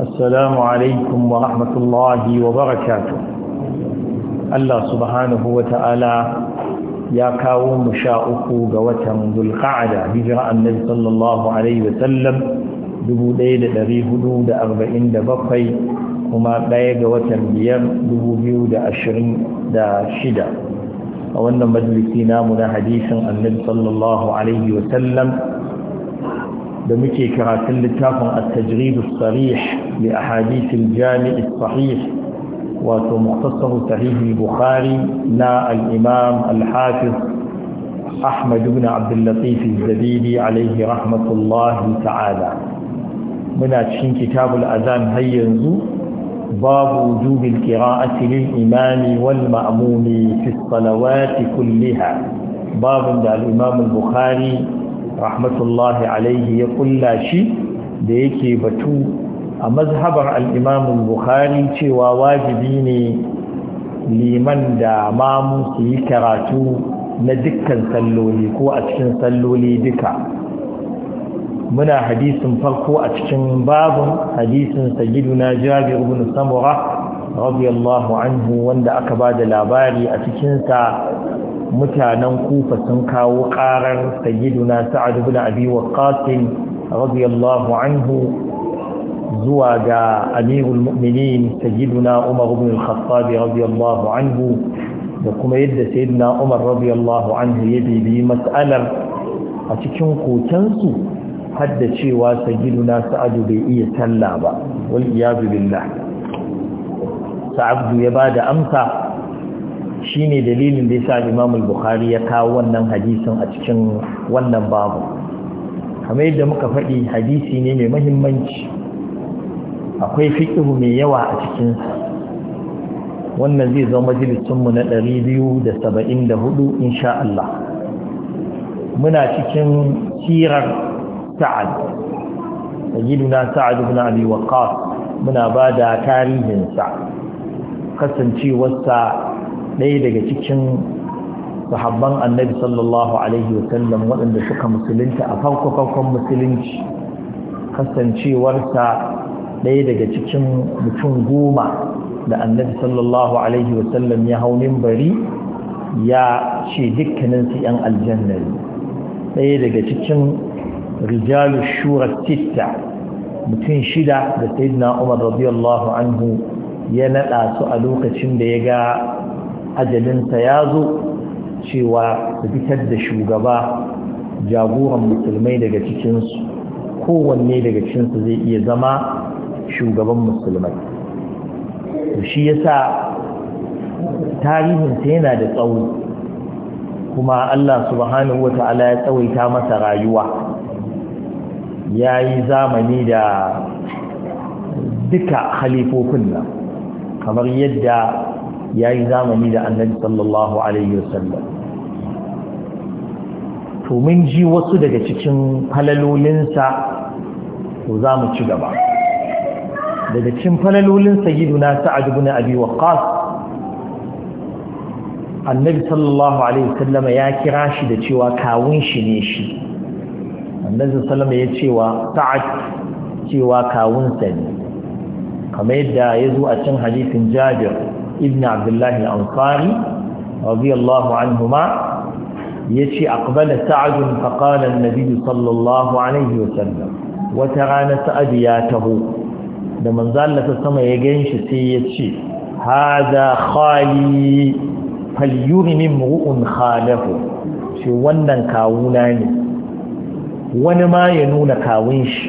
السلام عليكم ورحمة الله وبركاته الله سبحانه وتعالى يا كاوم شاؤكو قوتا ذو القعدة هجرة النبي صلى الله عليه وسلم دبو ليلة ذي هدود أربعين دبقي وما لايق وتن بيام دبو بيود أشرين دا شدة وأن مجلسنا من حديث النبي صلى الله عليه وسلم da muke karatun littafin at-tajrid as-sarih li ahadith al-jami' as-sahih wato mukhtasar sahih al-bukhari na al-imam al-hafiz أحمد بن عبد اللطيف الزبيدي عليه رحمة الله تعالى من أتشين كتاب الأذان هيا باب وجوب القراءة للإمام والمأموم في الصلوات كلها باب عند الإمام البخاري rahmatullahi alaihi ya kulla shi da yake batu a mazhabar al'imamun buhari cewa wajibi ne liman da mamu su yi karatu na dukkan salloli ko a cikin salloli duka muna hadisin farko a cikin babun hadisin sayyiduna jabir ibn samura radiyallahu anhu wanda aka ba da labari a cikinsa mutanen kufa sun kawo ƙarar sayyiduna sa'ad ibn abi waqqas radiyallahu anhu zuwa ga amirul mu'minin sayyiduna umar ibn al-khattab radiyallahu anhu da kuma yadda sayyiduna umar radiyallahu anhu ya bibi mas'alar a cikin kokensu har da cewa sayyiduna sa'ad bai iya sallah ba wal iyad billah sa'ad ya bada amsa Shi ne dalilin da sa Imam al-Bukhari ya kawo wannan hadisin a cikin wannan babu kamar yadda muka faɗi hadisi ne mai muhimmanci akwai fiqhu mai yawa a cikin wannan zai zama majalisin mu na 274 insha Allah muna cikin sirar Sa'ad sayyiduna Sa'ad ibn Abi Waqqas muna bada tarihin sa kasancewarsa ɗaya daga cikin sahabban annabi sallallahu alaihi wasallam waɗanda suka musulunta a farko farkon musulunci kasancewarsa ɗaya daga cikin mutum goma da annabi sallallahu alaihi wasallam ya hau bari ya ce dukkaninsu 'yan aljanna ɗaya daga cikin rijalu shura titta mutum shida da sayyidina umar radiyallahu anhu ya naɗa su a lokacin da ya ga ajalinsa ya zo cewa su fitar da shugaba jagoran musulmai daga cikinsu kowanne daga cikinsu zai iya zama shugaban musulmai shi yasa tarihinsa yana da tsawo kuma Allah subhanahu wa ta'ala ya tsawaita masa rayuwa ya yi zamani da duka halifofin nan kamar yadda ya yi zamani da annabi sallallahu alaihi wasallam to mun ji wasu daga cikin falalolinsa to za mu ci gaba daga cikin falalolin sayyiduna sa'ad ibn abi waqqas annabi sallallahu alaihi wasallam ya kira shi da cewa kawun shi ne shi annabi sallallahu ya cewa sa'ad cewa kawun sa ne kamar yadda ya zo a cikin hadisin jabir ibn abdullah al-ansari radiyallahu anhuma yace aqbala sa'd fa qala an-nabi sallallahu alayhi wa sallam wa tarana sa'd yatahu da manzal la sama ya ganshi sai yace hada khali fal yughni mu'un khalafu shi wannan kawuna ne wani ma ya nuna kawun shi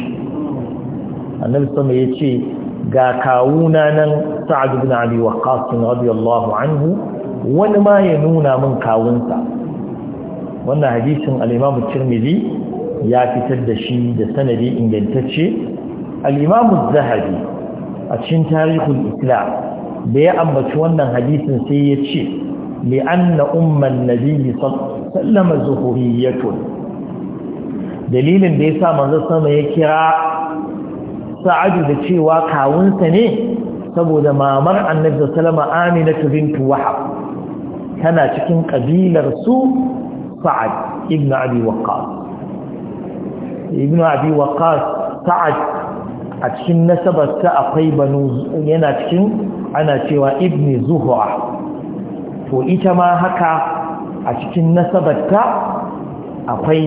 annabi sama yace ga kawuna nan sa'ad ibn abi waqqas radiyallahu anhu wani ma ya nuna min kawunsa wannan hadisin al-imam ya fitar da shi da sanadi ingantacce al-imam a cikin tarihul isla da ya ambaci wannan hadisin sai ya ce li'anna umman nabiyyi sallama ya dalilin da yasa manzo sama ya kira sa'adu da cewa kawunsa ne saboda mamar annabi sallama aminatu bintu wahab tana cikin kabilar su sa'ad ibn abi waqqas ibn abi waqqas sa'ad a cikin nasabar ta akwai banu yana cikin ana cewa ibn zuhra to ita ma haka a cikin nasabar ta akwai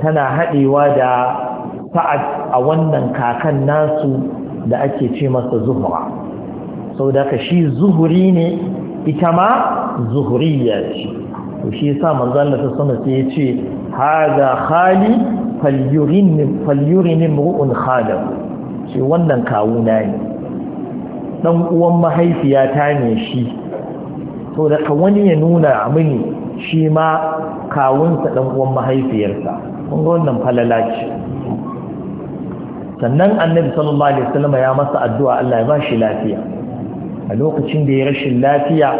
tana hadewa da sa'ad a wannan kakan nasu da ake ce masa zuhra sau da ka shi zuhuri ne ita ma zuhuri ya ce to shi yasa manzo Allah ta sama sai ya ce hada khali falyurin falyurin ru'un khalam shi wannan kawuna ne dan uwan ta ne shi to da ka wani ya nuna mini shi ma kawunsa dan uwan mahaifiyarsa kun ga wannan falala ce sannan annabi sallallahu alaihi wasallam ya masa addu'a Allah ya ba shi lafiya a lokacin da ya rashin lafiya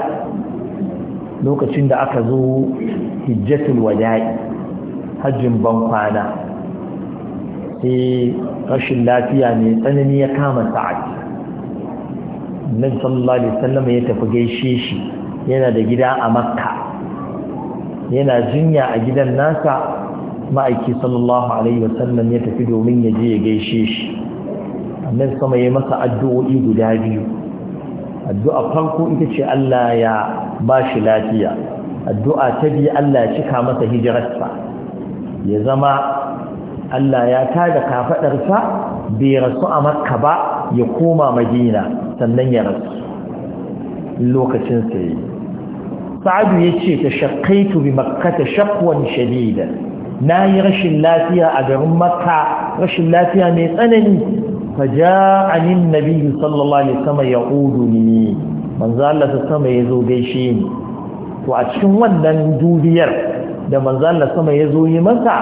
lokacin da aka zo hijjatul wada'i hajjin ban kwana sai rashin lafiya mai tsanani ya kama sa'ad nan sallallahu alaihi wasallam ya tafi gaishe shi yana da gida a makka yana jinya a gidan nasa ma'aiki sallallahu alaihi wasallam ya tafi domin ya je ya gaishe shi annan sama ya masa addu'o'i guda biyu addu'a farko ita ce Allah ya ba shi lafiya addu'a ta biyu Allah ya cika masa hijirarsa ya zama Allah ya tada kafaɗarsa bai rasu a makka ba ya koma madina sannan ya rasu lokacin sai sa'adu ya ce ta shakaitu bi makkata shakwan shadida na yi rashin lafiya a garin makka rashin lafiya mai tsanani فجاءني النبي صلى الله عليه وسلم يقودني من زال sama ya zo gaishe ni to a cikin wannan dubiyar da manzo Allah sama ya zo yi masa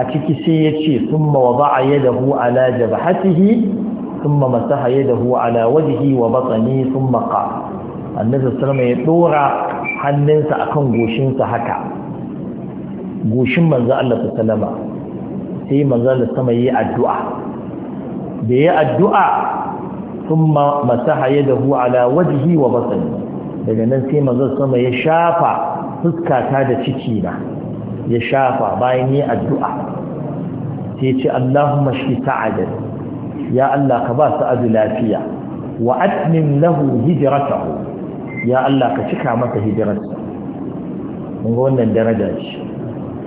a ciki sai ya ce summa wada'a yadahu ala jabhatihi summa masaha yadahu ala wajhi wa batni summa qala annabi sallallahu alaihi wasallam ya dora hannunsa akan goshinsa haka goshin manzo Allah sallallahu alaihi sai manzo Allah sama yi addu'a da ya addu'a thumma masaha yadahu ala wajihi wa basari daga nan sai manzon sama ya shafa fuskata da ciki na ya shafa bayan yi addu'a sai ce Allahumma shi sa'adar ya Allah ka ba sa'adu lafiya wa atmin lahu hijiratahu ya Allah ka cika masa hijirarsa mun ga wannan daraja ce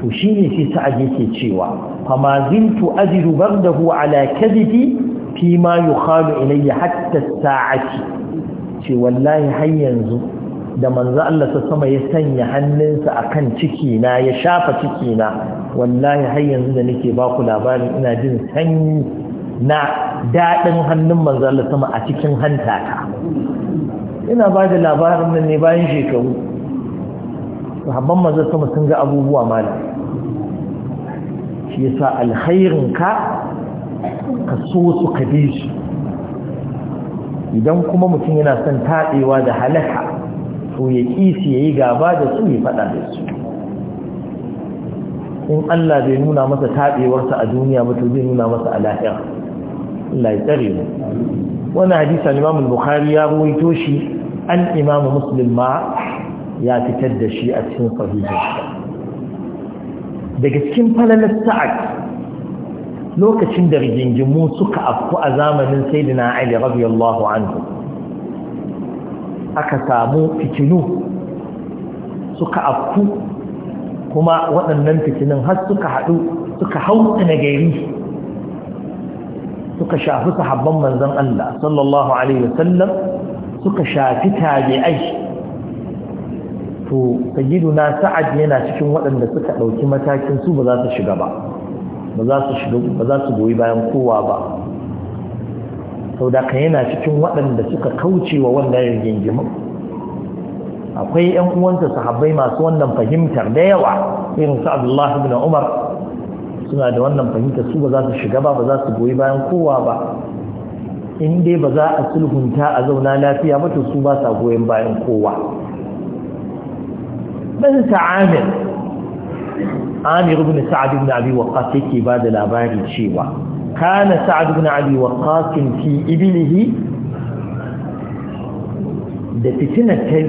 to shine sai sa'ad yake cewa fama zintu ajidu bardahu ala kadhibi fi ma yukhalu ilayya hatta sa'ati ce wallahi har yanzu da manzo Allah ta sama ya sanya hannunsa akan ciki na ya shafa ciki na wallahi har yanzu da nake ba ku labarin ina jin sanyi na daɗin hannun manzo Allah sama a cikin hantata ina ba da labarin nan ne bayan shekaru sahabban manzo sama sun ga abubuwa malam shi yasa alkhairin ka ka so su ka bi su. idan kuma mutum yana son taɗewa da halaka to ya kisi ya yi gaba da su ya faɗa da su in Allah bai nuna masa taɗewarsa a duniya ba to zai nuna masa a Allah ya tsare mu wani hadisa Imam Bukhari ya ruwaito shi an Imam Muslim ma ya fitar da shi a cikin sahihinsa daga cikin falalar sa'ad lokacin da rigingimu suka afku a zamanin sayyidina Ali radiyallahu anhu aka samu fitinu suka afku kuma waɗannan fitinin har suka haɗu suka hautu na gari suka shafi sahabban manzon Allah sallallahu alaihi wasallam suka shafi tabi'ai to na sa'ad yana cikin waɗanda suka ɗauki matakin su ba za su shiga ba ba za su goyi bayan kowa ba saboda kan yana cikin waɗanda suka kauce wa wannan rigingimin akwai 'yan uwansa sahabbai masu wannan fahimtar da yawa irin su Abdullah ibn Umar suna da wannan fahimtar su ba za su shiga ba ba za su goyi bayan kowa ba in dai ba za a sulhunta a zauna lafiya ba to su ba sa goyon bayan kowa ɗansa amir amir ibn sa'ad ibn abi waqqas yake ba da labari cewa kana sa'ad ibn abi waqqas fi iblihi da fitinar ta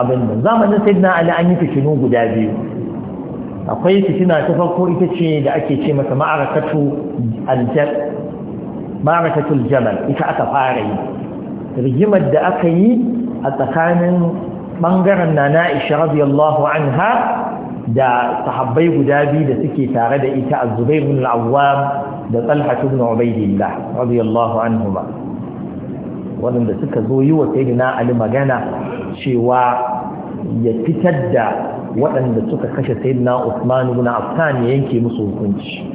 abin da zamanin sayyidina ali an yi fitinu guda biyu akwai fitina ta farko ita ce da ake ce masa ma'arakatu aljab ma'arakatul ita aka fara yi rigimar da aka yi a tsakanin ɓangaren na na'isha radiyallahu anha da sahabbai guda biyu da suke tare da ita a zubair bin al'awwam da talha ibn ubaidillah radiyallahu anhuma Wadanda suka zo yi wa sayyidina ali magana cewa ya fitar da waɗanda suka kashe sayyidina usman ibn affan ya yanke musu hukunci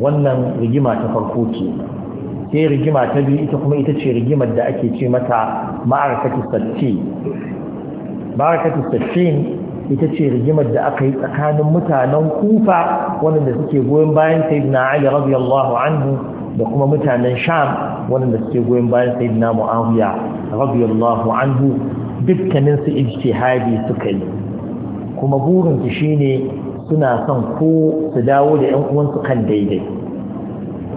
wannan rigima ta farko ce sai rigima ta biyu ita kuma ita ce rigimar da ake ce mata ma'arakatu sassi ma'arakatu sassi ita ce rigimar da aka yi tsakanin mutanen kufa wadanda suke goyon bayan sayyidina ali radiyallahu anhu da kuma mutanen sham waɗanda suke goyon bayan sayyidina muawiya radiyallahu anhu dukkanin su ijtihadi suka yi kuma burin su shine suna son ko su dawo da yan uwansu kan daidai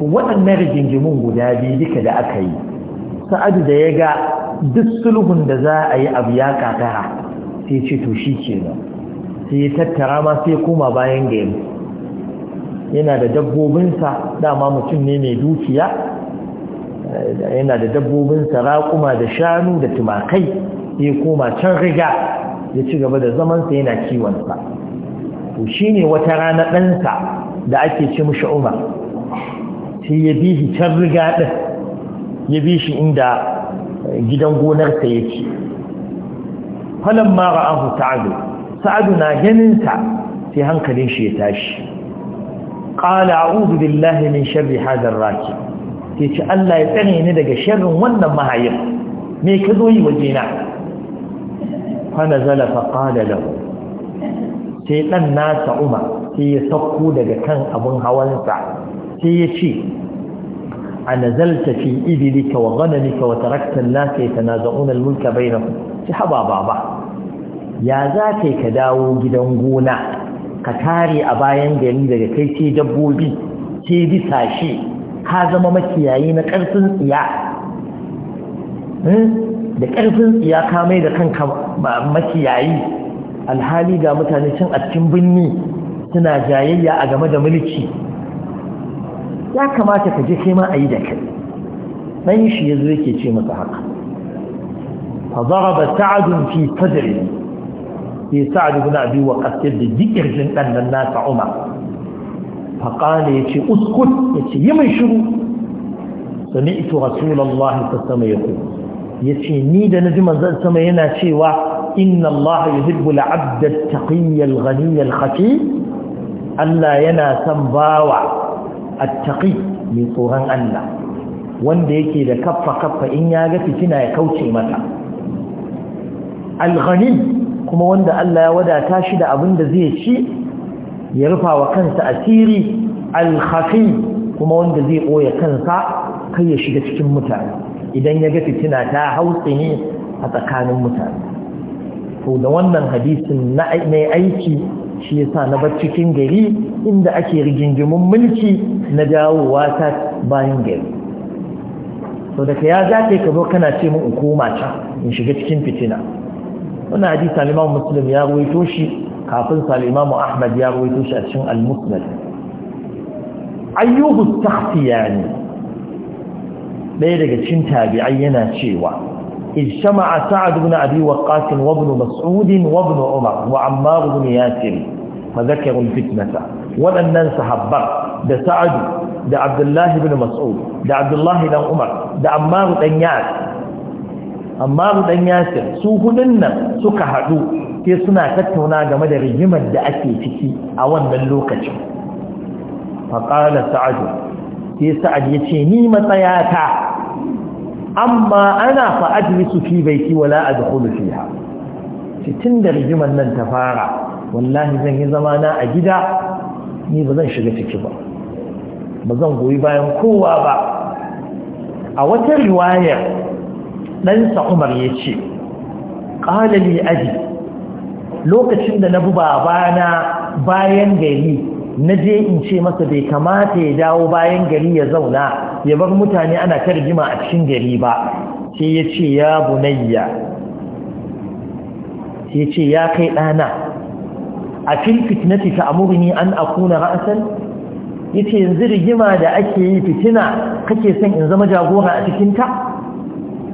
waɗannan rigingimin guda biyu duka da aka yi sa'adu da ya ga duk sulhun da za a yi abu ya kakara sai ce to shi ke nan sai ya tattara ma sai koma bayan da yana da dabbobinsa dama mutum ne mai dukiya yana da dabbobinsa raƙuma da shanu da tumakai Sai koma can riga ya ci gaba da zamansa yana kiwonsa to shi ne wata rana ɗansa da ake ce mishi umar sai ya bi shi can riga ɗin ya bi shi inda gidan gonarsa yake falon mara ahu sa'adu sa'adu na ganin ganinsa sai hankalin shi ya tashi ƙala a'udu billahi min sharri hadar raki sai ce Allah ya tsare ni daga shirin wannan mahayin mai ka zo yi wajena fana zalafa ƙala lahu sai ɗan nasa umar sai ya sauko daga kan abin hawansa sai ya ce a nazalta fi ibilika wa ghanamika wa taraktan an-nas yatanaza'una al-mulka ci haba baba ya za ka ka dawo gidan gona ka tare a bayan gari daga kai ce dabbobi ce bisa shi ka zama makiyayi na ƙarfin tsiya hmm? da ƙarfin tsiya ka mai da kanka makiyayi alhali ga mutane cin a cikin binni suna jayayya a game da mulki ya kamata ka je kai ma a yi da kai dan shi yazo yake ce masa haka fa daraba sa'd fi sadri fi sa'd ibn abi waqas yadda din dan nan nasa umar fa qala yace uskut yace yi min shiru sami'tu rasulullahi sallallahu alaihi wasallam yace ni da naji manzon sama yana cewa inna allaha yuhibbu al-'abda at-taqiyya al-ghaniyya al-khafi Allah yana son bawa attaqi mai tsoron Allah wanda yake da kaffa kaffa in ya ga fitina ya kauce mata alghani kuma wanda Allah ya wadata shi da abin da zai ci ya rufa wa kansa asiri alkhafi kuma wanda zai boye kansa kai ya shiga cikin mutane idan ya ga fitina ta hautsi ne a tsakanin mutane to da wannan hadisin na mai aiki shi yasa na bar cikin gari inda ake rigingimin mulki na dawowa ta bayan gari so daga ya zafe ka zo kana ce min koma ta in shiga cikin fitina wannan hadisi al-Imam Muslim ya rawaito shi kafin sa al Ahmad ya rawaito shi a cikin al-Musnad ayyuhu takhtiyani ɗaya daga cikin tabi'ai yana cewa اجتمع سعد بن أبي وقاص وابن مسعود وابن عمر وعمار بن ياسر fa zakarul fitnata waɗannan sahabban da sa'adu da abdullahi ibn mas'ud da abdullahi dan umar da ammar dan yasir ammar su hudun nan suka haɗu sai suna tattauna game da rigimar da ake ciki a wannan lokacin faƙala sa'adu sai sa'ad ya ce ni matsayata amma ana fa'adrisu fi baiti wala adkhulu fiha tun da rigimar nan ta fara wallahi zan yi na a gida ni ba zan shiga ciki ba ba zan goyi bayan kowa ba a wata riwaya ɗansa umar ya ce ƙalali aji lokacin da na bi babana bayan gari na je in ce masa bai kamata ya dawo bayan gari ya zauna ya bar mutane ana tarjima a cikin gari ba sai ya ce ya bunayya sai ya ce ya kai ɗana a fil fitnati ta'muruni an akuna ra'san yace yanzu rigima da ake yi fitina kake son in zama jagora a cikin ta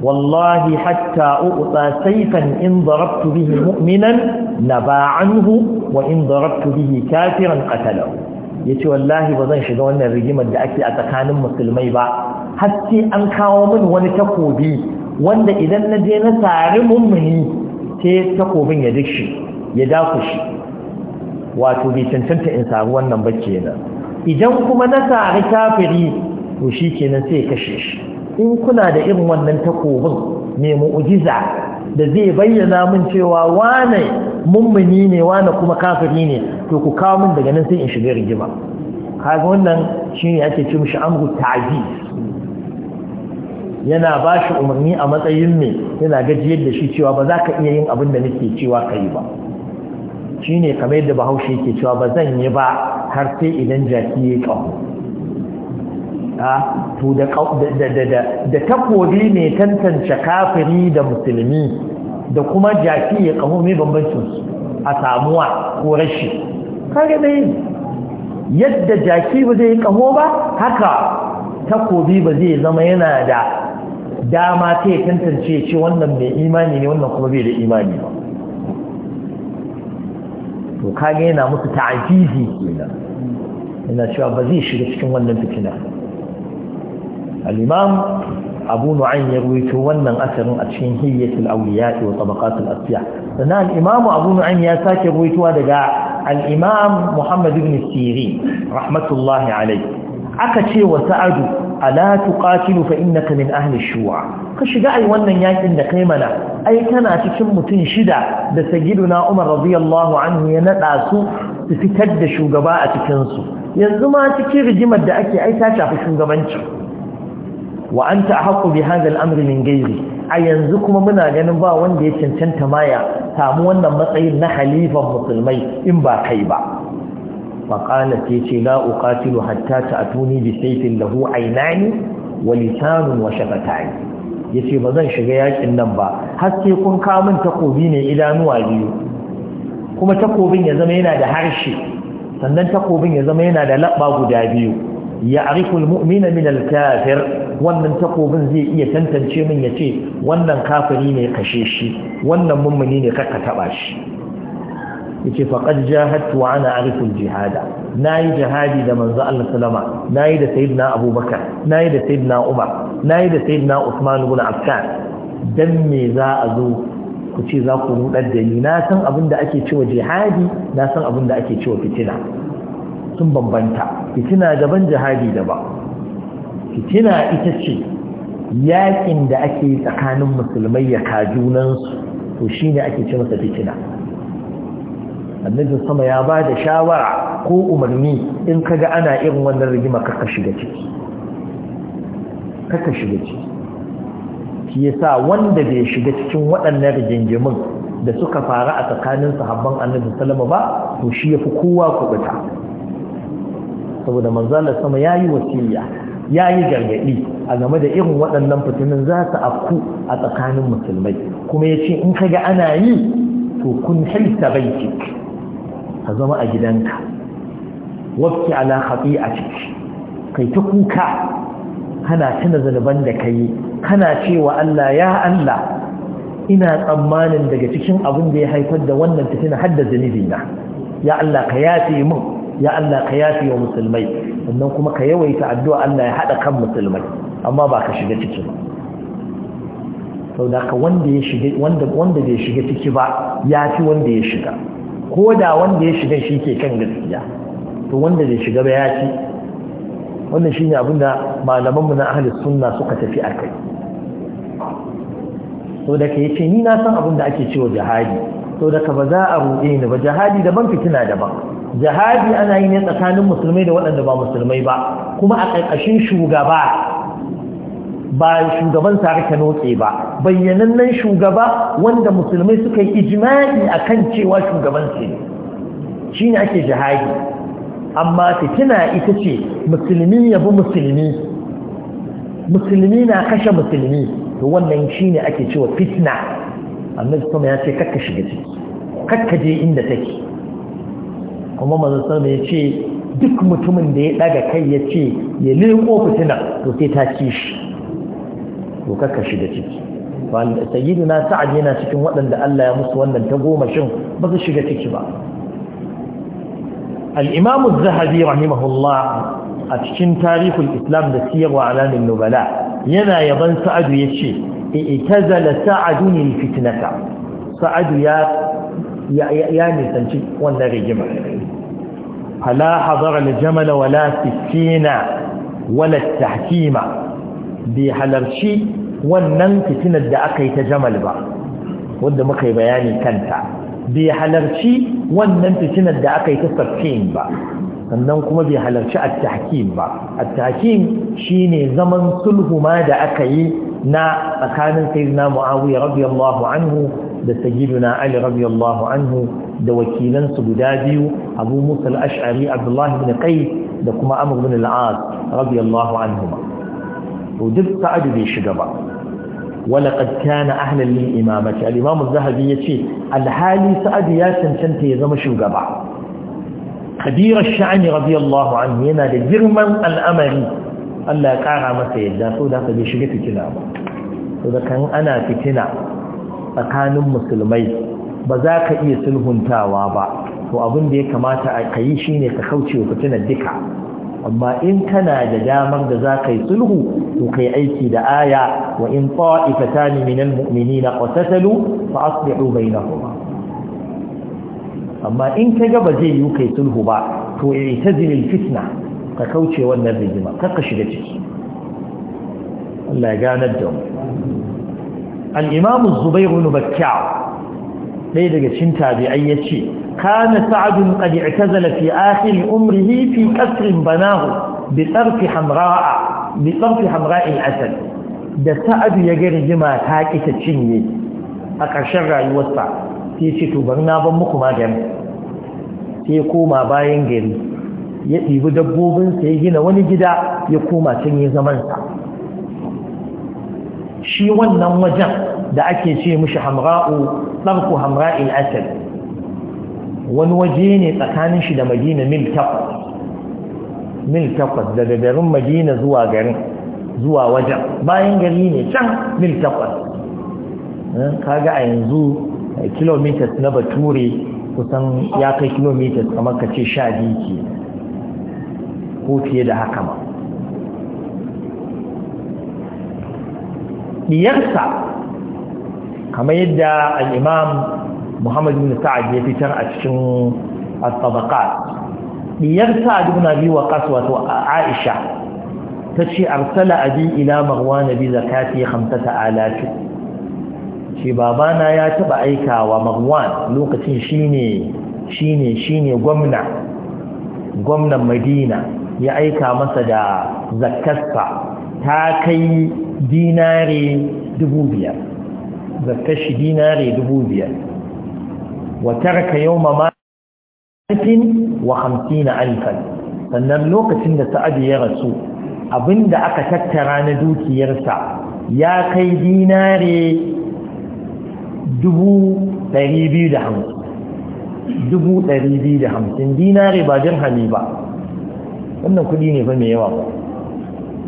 wallahi hatta uqta sayfan in darabtu bihi mu'minan naba anhu wa in darabtu bihi kafiran qatalahu yace wallahi ba zan shiga wannan rigimar da ake a tsakanin musulmai ba har sai an kawo min wani takobi wanda idan na je na sari mummuni sai takobin ya dishi ya dakushi wato bai cancanta in samu wannan ba kenan idan kuma na sari kafiri to shi kenan sai kashe shi in kuna da irin wannan takobin mai mu'ujiza da zai bayyana min cewa wane mummuni ne wane kuma kafiri ne to ku kawo min daga nan sai in shiga rigima kaga wannan shine ake ce mishi amru ta'ziz yana ba shi umarni a matsayin mai yana gajiyar da shi cewa ba za ka iya yin abin da nake cewa ka yi ba Shi ne kamar yadda bahaushe ke cewa ba zan yi ba har sai idan jaki ya ƙaho ah, da takobi mai tantance kafiri da musulmi da kuma jaki ya ƙaho mai su a samuwa ko rashi kare yi yadda jaki ba zai ƙaho ba haka takobi ba zai zama yana da dama ta tantance ce wannan mai imani ne wannan kuma bai da imani ba to kage yana musu ta'ajizi kenan yana cewa ba zai shiga cikin wannan fitina al-imam abu nu'ayn ya ruwaito wannan asarin a cikin hiyyatul awliya wa tabaqatul asfiya sannan al-imam abu nu'ayn ya sake ruwaitowa daga al-imam muhammad ibn sirin rahmatullahi alayhi aka ce wa sa'adu ala tuqatilu fa innaka min ahli shu'a ka shiga ai wannan yakin da kai mana ai kana cikin mutun shida da sayyiduna Umar radiyallahu anhu ya nada su su fitar da shugaba a cikin su yanzu ma cikin rigimar da ake ai ta shafi shugabanci wa anta ahqqu bi hadha al-amr min a yanzu kuma muna ganin ba wanda ya cancanta maya samu wannan matsayin na halifan musulmai in ba kai ba faƙala ce ce la uqatilu hatta ta'tuni bi sayfin lahu aynani wa lisanun wa shafatani yace ba zan shiga yakin nan ba Haske kun ka min takobi ne idanuwa biyu kuma takobin ya zama yana da harshe sannan takobin ya zama yana da laɓa guda biyu ya ariful mu'mina min wannan takobin zai iya tantance min yace wannan kafiri ne kashe shi wannan mummuni ne ka taɓa shi yace faqad jahadtu wa ana arifu jihada yi jihadi da manzo Allah na yi da na abubakar yi da na umar yi da na usman ibn affan dan me za a zo ku ce za ku rudar da ni na san abin da ake cewa jihadi na san abin da ake cewa fitina sun bambanta fitina daban jihadi daban fitina ita ce yakin da ake tsakanin musulmai ya junansu to shine ake ce masa fitina annabi sama ya ba da shawara ko umarni in kaga ana irin wannan rigima kaka shiga ciki kaka shiga ciki shi yasa wanda bai shiga cikin waɗannan rigingimin da suka fara a tsakanin sahabban annabi sallama ba to shi yafi kowa kubuta saboda manzalar sama yayi wasiya yayi gargadi a game da irin waɗannan fitinin za su afku a tsakanin musulmai kuma ya yace in kaga ana yi to kun hilta baitik ka zama a gidanka wabki ala haɗi a ciki kai ta kuka kana tuna zanuban da ka yi kana cewa Allah ya Allah ina tsammanin daga cikin abin da ya haifar da wannan fitina har da na ya Allah ka yafe min ya Allah ka yafe wa musulmai sannan kuma ka yawaita addu'a Allah ya haɗa kan musulmai amma ba ka shiga ciki ba sau da ka wanda bai shiga ciki ba ya fi wanda ya shiga ko da wanda ya shiga shi ke kan gaskiya to wanda bai shiga ba ya ci wannan ne abin da malamanmu na ahli sunna suka tafi a kai to da ke yace ni na san abin da ake cewa jihadi to da ka ba za a ruɗe ni ba jihadi daban fitina daban jihadi ana yi ne tsakanin musulmai da waɗanda ba musulmai ba kuma a ƙarƙashin shugaba ba shugaban tare ka notse ba bayyanannen shugaba wanda musulmai suka yi ijimai a kan cewa shugaban ce shi ne ake jihadi amma fitina ita ce musulmi ya bi musulmi musulmi na kashe musulmi to wannan shi ne ake cewa fitina. annabi kuma ya ce kakka shiga ciki kakka je inda take kuma manzon ya ce duk mutumin da ya daga kai ya ce ya leko fitina to sai ta ci shi to kaka shiga ciki sayyidina sa'ad yana cikin waɗanda Allah ya musu wannan ta goma shin ba su shiga ciki ba al-imam az-zahabi rahimahullah a cikin tarihul islam da siyarwa alamin nubala yana yaban sa'adu ya ce itazala sa'adu ne fitinata sa'adu ya nisanci wannan rigima fala hazara da jamala wala sifina wala tahkima bai halarci wannan fitinar da aka yi ta jamal ba wanda muka yi bayani kanta bai halarci wannan fitinar da aka yi ta saffin ba sannan kuma bai halarci attahkim ba attahkim shine zaman sulhu ma da aka yi na tsakanin sayyidina Muawiya radiyallahu anhu da sayyidina Ali radiyallahu anhu da wakilan su guda biyu Abu Musa al-Ash'ari abdullahi bin Qais da kuma Amr ibn al-As radiyallahu anhu. to duk sa'adu bai shiga ba wala qad kana ahlan lil imamati al imam az-zahabi yace al hali sa'adu ya cancanta ya zama shugaba kabir ash-sha'ni radiyallahu anhu yana da girman al'amarin. Allah ya kara masa yadda so da ka bi shiga fitina ba to da kan ana fitina tsakanin musulmai ba za ka iya sulhuntawa ba to abin da ya kamata a yi shine ka kauce wa fitina duka amma in kana da damar da za ka yi sulhu to kai aiki da aya wa in ta'ifatan min almu'minina qatatalu fa aslihu bainahuma amma in ka ga ba zai yi kai sulhu ba to i'tazil fitna, ka kauce wannan rigima kar ka shiga ciki Allah ya ganar da mu al-imam az-zubayr ibn ɗaya daga cikin tabi'ai ya ce kana sa'adun qad i'tazala fi akhir umrihi hifi qasrin banahu bi tarfi hamra'a bi tarfi hamra'il da sa'adu ya ga jima ta kita cinye a ƙarshen rayuwarsa sai ya ce to bari na ban muku magani sai ya koma bayan gari ya ɗibi dabbobinsa ya gina wani gida ya koma can ya zamansa shi wannan wajen da ake ce mishi hamra'u ɗarku hamra'il asal wani waje ne tsakanin shi da madina mil takwas mil takwas daga garin madina zuwa garin zuwa wajen bayan gari ne can mil takwas kaga a yanzu kilomitas na bature kusan ya kai kilomitas kamar ka ce sha biyu ko fiye da haka ma diyarsa kamar yadda al'imam muhammad bin sa'ad ya fitar a cikin al-tabaqat diyar sa'ad wa abi waqas wato aisha tace arsala abi ila marwan bi zakati 5000 shi babana ya aika aikawa marwan lokacin shine shine gwamna gwamnan madina ya aika masa da zakkasta ta kai dinare dubu biyar zakar shi dinare dubu biyar wa taraka yawma ma alfin wa hamsina alifan. sannan lokacin da sa'adu ya rasu abinda aka tattara na dukiyarsa ya kai dinare dubu ɗari biyu da hamsin dubu ɗari biyu da hamsin dinare ba dirhami ba wannan kuɗi ne fa mai yawa ba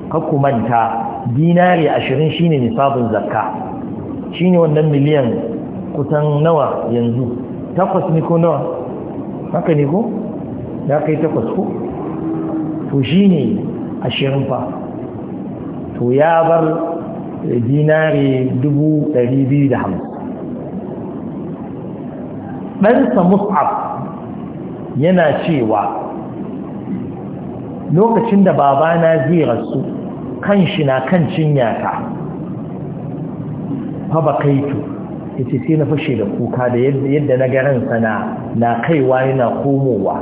ka manta dinare ashirin shine nisabun zakka Shi ne wannan miliyan kusan nawa yanzu takwas ne ko nawa haka ne ko ya kai takwas ko to shi ne ashirin fa to ya bar dinare dubu ɗari biyu da hamsin ɗansa mus'ab yana cewa lokacin da babana zai rasu kan shi na kan cinyata ta fa baqaitu yace sai na fashe da kuka da yadda na garin sana na kaiwa yana komowa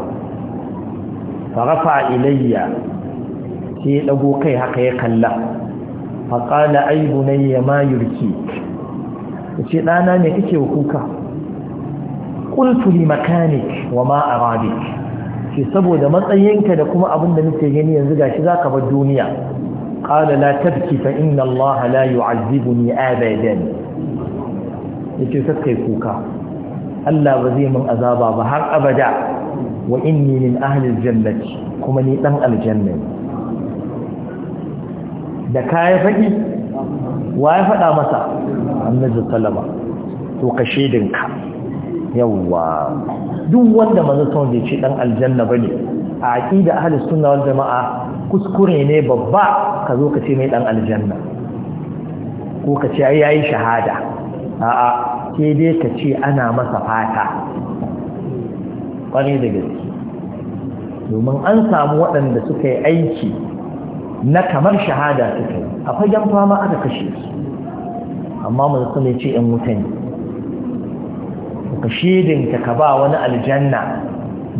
fa rafa ilayya sai ya dago kai haka ya kalla fa qala ay bunayya ma yurki yace ɗana ne kake kuka qultu li makanik wa ma aradik saboda matsayinka da kuma abin da nake gani yanzu gashi zaka bar duniya Ƙala la tabki fa inna allaha la yu'azzibuni abadan yace sakai kuka Allah ba zai min azaba ba har abada wa inni min ahli aljannati kuma ni dan aljanna da kai fadi wa ya fada masa annabi sallama to kashe dinka yawwa duk wanda manzo sun da ce dan aljanna bane a aqida ahli sunna wal jamaa kuskure ne babba ka zo ka ce mai dan aljanna ko ka ce ai yayi shahada a'a sai dai ka ce ana masa fata ƙwarai da gaske domin an samu waɗanda suka yi aiki na kamar shahada suka yi a fagen fama aka kashe su amma mu sun ce in wuta ne ka shidinka ka ba wani aljanna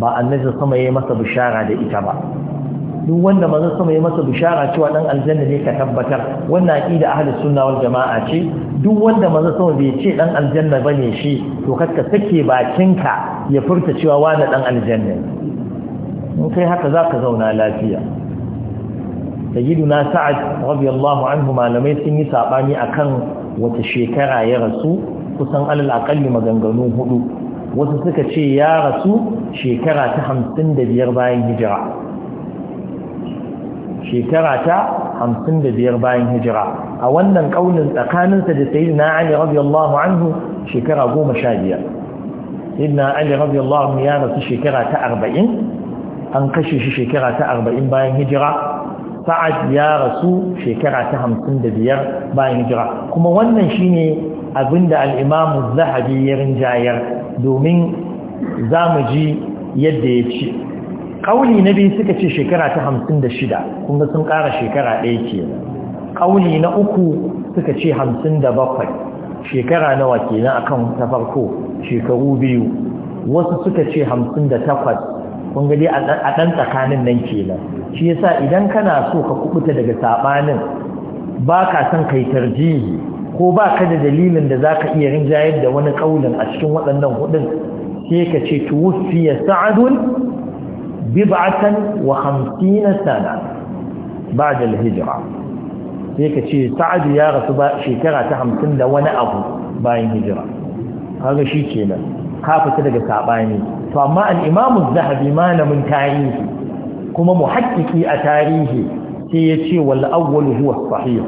ba annabi sama ya masa bishara da ita ba duk wanda manzo sama ya masa bishara cewa dan aljanna ne ka tabbatar wannan aqida ahlus sunna wal jamaa ce duk wanda manzo sama bai ce dan aljanna bane shi to kakka sake bakinka ya furta cewa wani dan aljanna in kai haka zaka zauna lafiya sayyiduna sa'ad radiyallahu anhu malamai sun yi sabani akan wata shekara ya rasu kusan alal aqalli maganganu hudu wasu suka ce ya rasu shekara ta 55 bayan hijira shekara ta hamsin da biyar bayan hijira a wannan ƙaunin tsakaninsa da sayi na ali radiyallahu anhu shekara goma sha biyar sayyidina ali radiyallahu anhu ya rasu shekara ta arba'in an kashe shi shekara ta arba'in bayan hijira sa'ad ya rasu shekara ta hamsin da biyar bayan hijira kuma wannan shine abinda al'imamu zahabi ya rinjayar domin za mu ji yadda ya ce ƙauli na biyu suka ce shekara ta hamsin da shida kuma sun ƙara shekara ɗaya ke ƙauli na uku suka ce hamsin da bakwai shekara nawa ke na akan ta farko shekaru biyu wasu suka ce hamsin da takwas kun gani a ɗan tsakanin nan ke nan shi yasa idan kana so ka kubuta daga saɓanin ba ka son kai tarjihi ko ba ka da dalilin da za ka iya rinjayar da wani ƙaulin a cikin waɗannan hudun sai ka ce tuwufiya sa'adun bid'atan wa hamsina sana ba'da al-hijra sai ka ce sa'ad ya rasu ba shekara ta hamsin da wani abu bayan hijira kaga shi kenan ka fita daga sabani to amma al-imam az-zahabi malamin tarihi kuma muhakkiki a tarihi sai ya ce wal awwal huwa sahih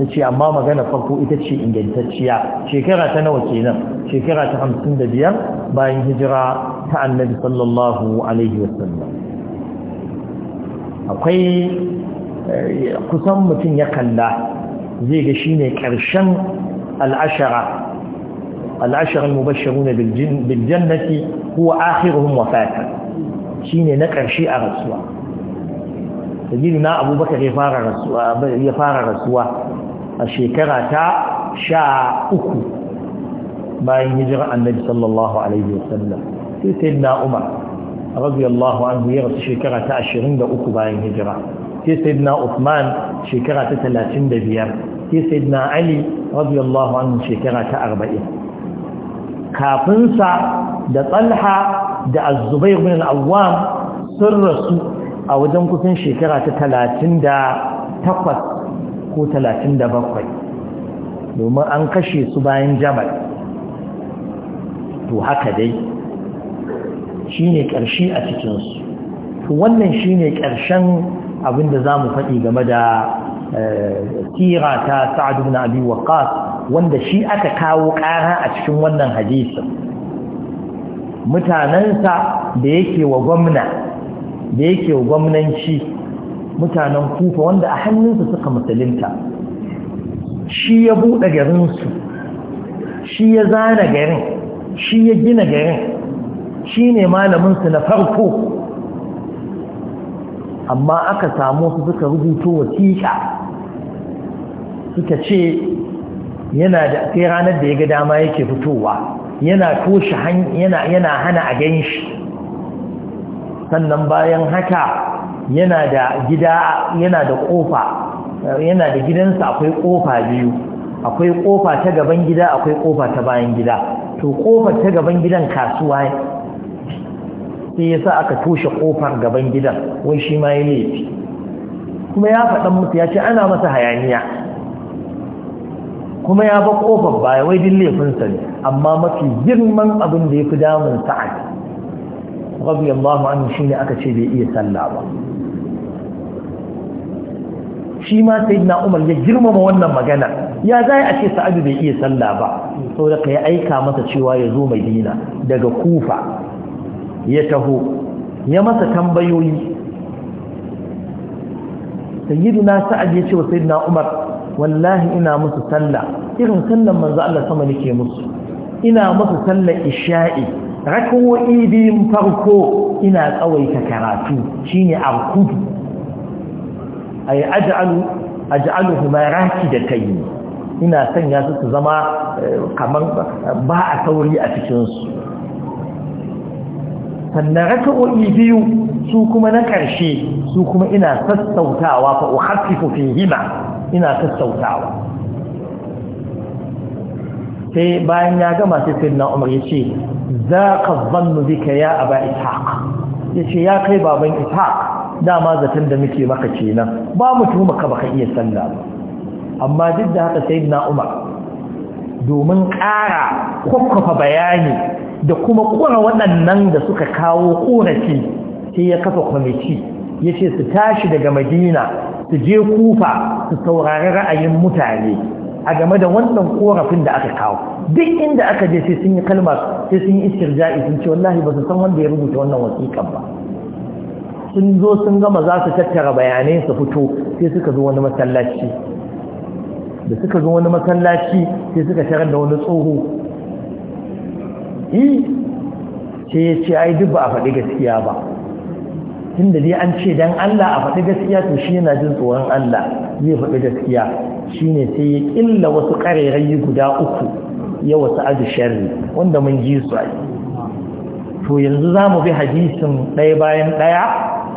ya ce amma magana farko ita ce ingantacciya shekara ta nawa kenan shekara ta hamsin da biyar bayan hijira ta annabi sallallahu alaihi wasallam akwai eh, kusan mutum ya kalla zai ga shine karshen al'ashara al'ashara al-mubashshiruna bil jannati huwa akhiruhum wafatan shine na karshe a rasuwa sabili na abubakar ya fara rasuwa ya fara rasuwa a shekara ta sha uku bayan hijirar annabi sallallahu alaihi wasallam sai sayyidina umar radiyallahu anhu ya rasu shekara ta 23 bayan hijira sai sayyidina usman shekara ta 35 sai sayyidina ali radiyallahu anhu shekara ta 40 kafin sa da talha da az-zubair bin al-awwam sun rasu a wajen kusan shekara ta 38 ko 37 domin an kashe su bayan jamal to haka dai shine ƙarshe a cikinsu wannan shine ƙarshen abin da za mu faɗi game da tira eh, ta sa'adu na abi waqas wanda shi aka kawo ƙara a cikin wannan hadisin mutanensa da yake wa gwamna da yake wa gwamnanci mutanen kufa wanda a hannunsa suka musulunta shi ya buɗe garinsu shi ya zana garin shi ya gina garin Shi ne su na farko amma aka samu su suka rubuto wasiƙa suka ce yana da sai ranar da ya ga dama yake fitowa yana toshe yana hana a gan shi sannan bayan haka yana da gida yana da kofa yana da gidansa akwai kofa biyu akwai kofa ta gaban gida akwai kofa ta bayan gida to kofar ta gaban gidan kasuwa sai ya sa aka toshe kofar gaban gidan wai shi ma ya laifi kuma ya faɗan musu ya ce ana masa hayaniya kuma ya ba kofar baya wai din laifinsa ne amma mafi girman abin da ya fi damun sa'ad rabbi allahu mu shi ne aka ce bai iya sallah ba shi ma sai na umar ya girmama wannan magana ya zai a ce sa'adu bai iya sallah ba saboda ka ya aika masa cewa ya zo madina daga kufa ya taho ya masa tambayoyi sayyiduna sa'ad ya ce wa sayyiduna umar wallahi ina musu sallah irin sallan manzo Allah sama nake musu ina musu sallar isha'i rak'o'i biyun farko ina tsawaita karatu shine arkudu ay aj'alu da kai. ina sanya su su zama eh, kamar ba a sauri a cikin su sannan raka'o'i biyu su kuma na ƙarshe su kuma ina sassautawa fa uhaffifu fihima ina sassautawa sai bayan ya gama sai sayyidina Umar yace za ka zannu bika ya aba ishaq yace ya kai baban ishaq dama zaton da muke maka kenan ba mu tuhuma ka baka iya sallah amma duk da haka sayyidina Umar domin ƙara kwakwafa bayani da kuma ƙura waɗannan da suka kawo ƙorafi sai ya kafa kwamiti ya ce su tashi daga madina su je kufa su saurari ra'ayin mutane a game da wannan korafin da aka kawo duk inda aka je sai sun yi kalma sai sun yi istirja'i sun ce wallahi ba su san wanda ya rubuta wannan wasiƙa ba sun zo sun gama za su tattara bayanai su fito sai suka zo wani masallaci da suka zo wani masallaci sai suka tarar da wani tsoho yi ce ya ce ai duk ba a faɗi gaskiya ba tun da dai an ce dan Allah a faɗi gaskiya to shi yana jin tsoron Allah zai faɗi gaskiya Shi ne sai ya ƙilla wasu ƙarairayi guda uku ya wasu aji sharri wanda mun ji su ai to yanzu za mu bi hadisin ɗaya bayan ɗaya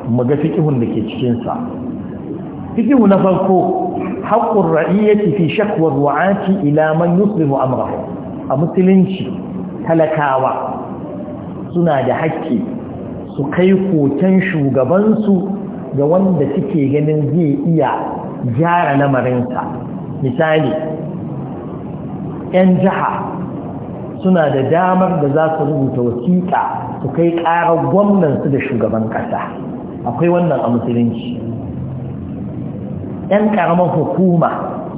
mu ga fiƙihun da ke cikinsa fiƙihu na farko haƙƙun ra'iyyati fi shakwar wa'ati ila man yusrifu amrahu a musulunci talakawa suna da haƙƙi su kai koken shugabansu ga wanda suke ganin zai iya gyara lamarinsa misali 'yan jiha suna da damar da za su rubuta wasiƙa su kai ƙarar gwamnansu da shugaban ƙasa akwai wannan a musulunci 'yan ƙaramar hukuma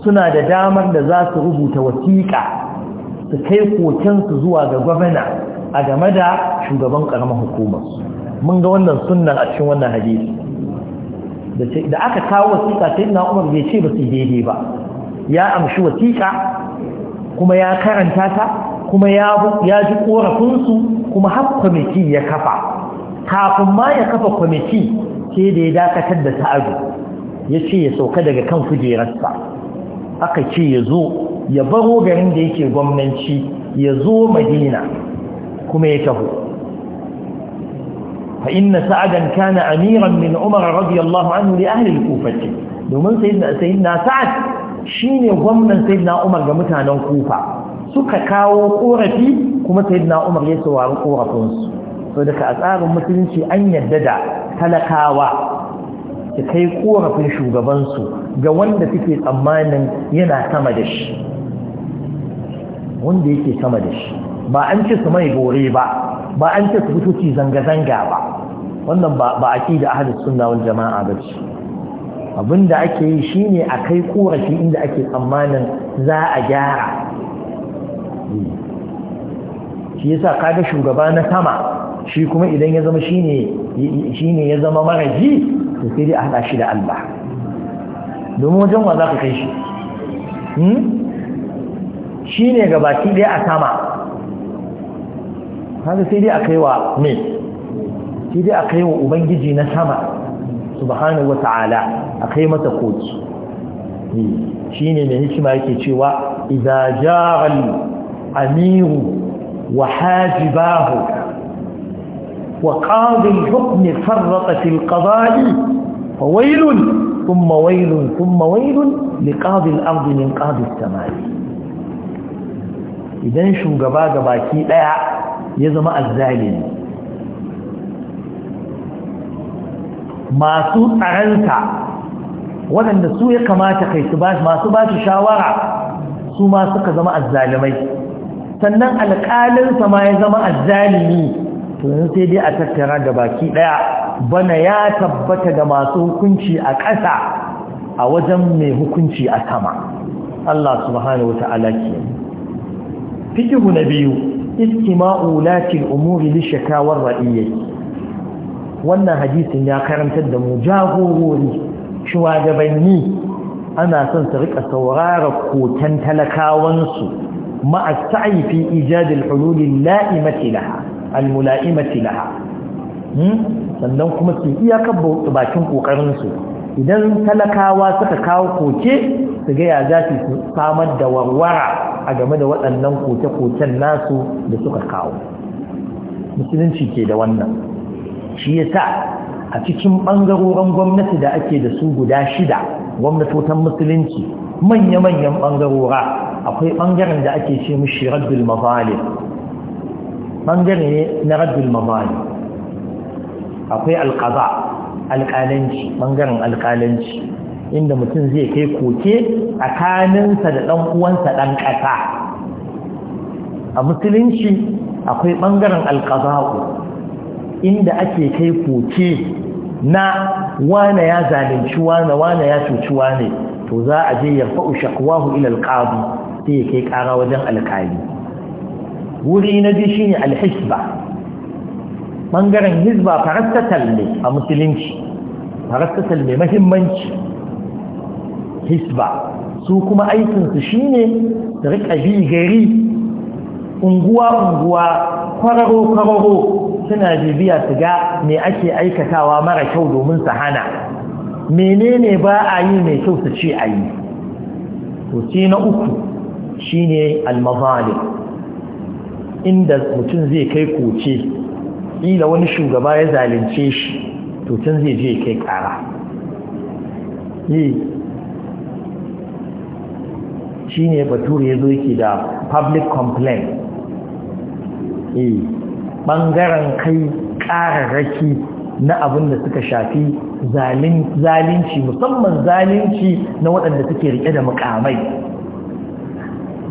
suna da damar da za su rubuta wasiƙa su kai kokensu zuwa ga gwamna a game da shugaban karamar hukumar mun ga wannan sunnan a cikin wannan hadisi da aka kawo wasiƙa sai na umar bai ce ba su daidai ba ya amshi wasiƙa kuma ya karanta ta kuma ya ji korafinsu kuma har kwamiti ya kafa kafin ma ya kafa kwamiti sai da ya dakatar da ta'adu ya ce ya sauka daga kan kujerarsa aka ce ya zo ya baro garin da yake gwamnanci ya zo madina kuma ya taho فإن سعدا كان أميرا من عمر رضي الله عنه لأهل الكوفة domin sayidina sa'ad shine gwamnan sayidina umar ga mutanen kufa suka kawo korafi kuma sayidina umar ya saurari su, so daga a tsarin musulunci an yadda da talakawa ya kai korafin shugabansu ga wanda suke tsammanin yana sama da shi wanda yake sama da shi ba an ce su mai gore ba ba an ce su fitoci zanga-zanga ba wannan ba a ƙi da ahalin suna wani jama'a ba ce abin da ake yi shine a kai korafi inda ake tsammanin za a gyara shi yasa kaga shugaba na sama shi kuma idan ya zama ne ya zama mara ji da sai dai a haɗa shi da Allah domin wajen wa za ka kai shi hmm? shi ne gabaki ɗaya a sama haka sai dai a kai wa mai sai dai a kai wa ubangiji na sama subhanahu wa ta'ala a kai mata koki shi ne mai hikima yake cewa iza jaral amiru wa hajibahu wa qadil hukmi farrata fil qada'i fa wailun thumma wailun thumma wailun liqadi al-ardi samari. idan shugaba ga baki ɗaya ya zama azzalimi masu tsaranta waɗanda su ya kamata kai su masu ba shawara su ma suka zama azzalimai sannan alƙalinsa ma ya zama azzalimi to sai dai a tattara da baki ɗaya bana ya tabbata da masu hukunci a ƙasa a wajen mai hukunci a sama Allah subhanahu wa ta'ala ke fikihu na biyu iski ulati umuri li shakawar ra'iyyai wannan hadisin ya karantar da mu jagorori shugabanni ana son su riƙa saurara koken talakawansu ma'a sa'i fi ijad al-hulul la'imati laha al laha hmm? sannan kuma su iyakar bakin ƙoƙarinsu. idan talakawa suka kawo koke su gaya ya za su samar da warwara a game da waɗannan koke-koken nasu da suka kawo musulunci ke da wannan shi yasa a cikin ɓangarorin gwamnati da ake da su guda shida gwamnatotan musulunci manya-manyan ɓangarora akwai ɓangaren da ake ce mishi raddul mazali ɓangare ne na raddul mazali akwai alƙaza alƙalanci ɓangaren alƙalanci inda mutum zai kai koke tsakaninsa da ɗan uwansa ɗan ƙasa a musulunci akwai ɓangaren alƙaza'u inda ake kai koke na wane ya zalunci wane wane ya cuci wane to za a je ya fa'u shakwahu ila alƙabi sai ya kai ƙara wajen alƙali wuri na biyu shine alhisba ɓangaren hizba farastatal ne a musulunci farastatal mai mahimmanci hizba su kuma aikinsu shi ne da riƙa bi gari unguwa-unguwa kwararo-kwararo suna bibiya su ga me ake aikatawa mara kyau domin su hana menene ba a yi mai kyau su ce a yi to na uku shine almazalim inda mutum zai kai koce kila wani shugaba ya zalunce shi to can zai je kai kara shi ne bature ya zo yake da public complaint ɓangaren kai ƙararraki na abin da suka shafi zalunci musamman zalunci na waɗanda suke riƙe da mukamai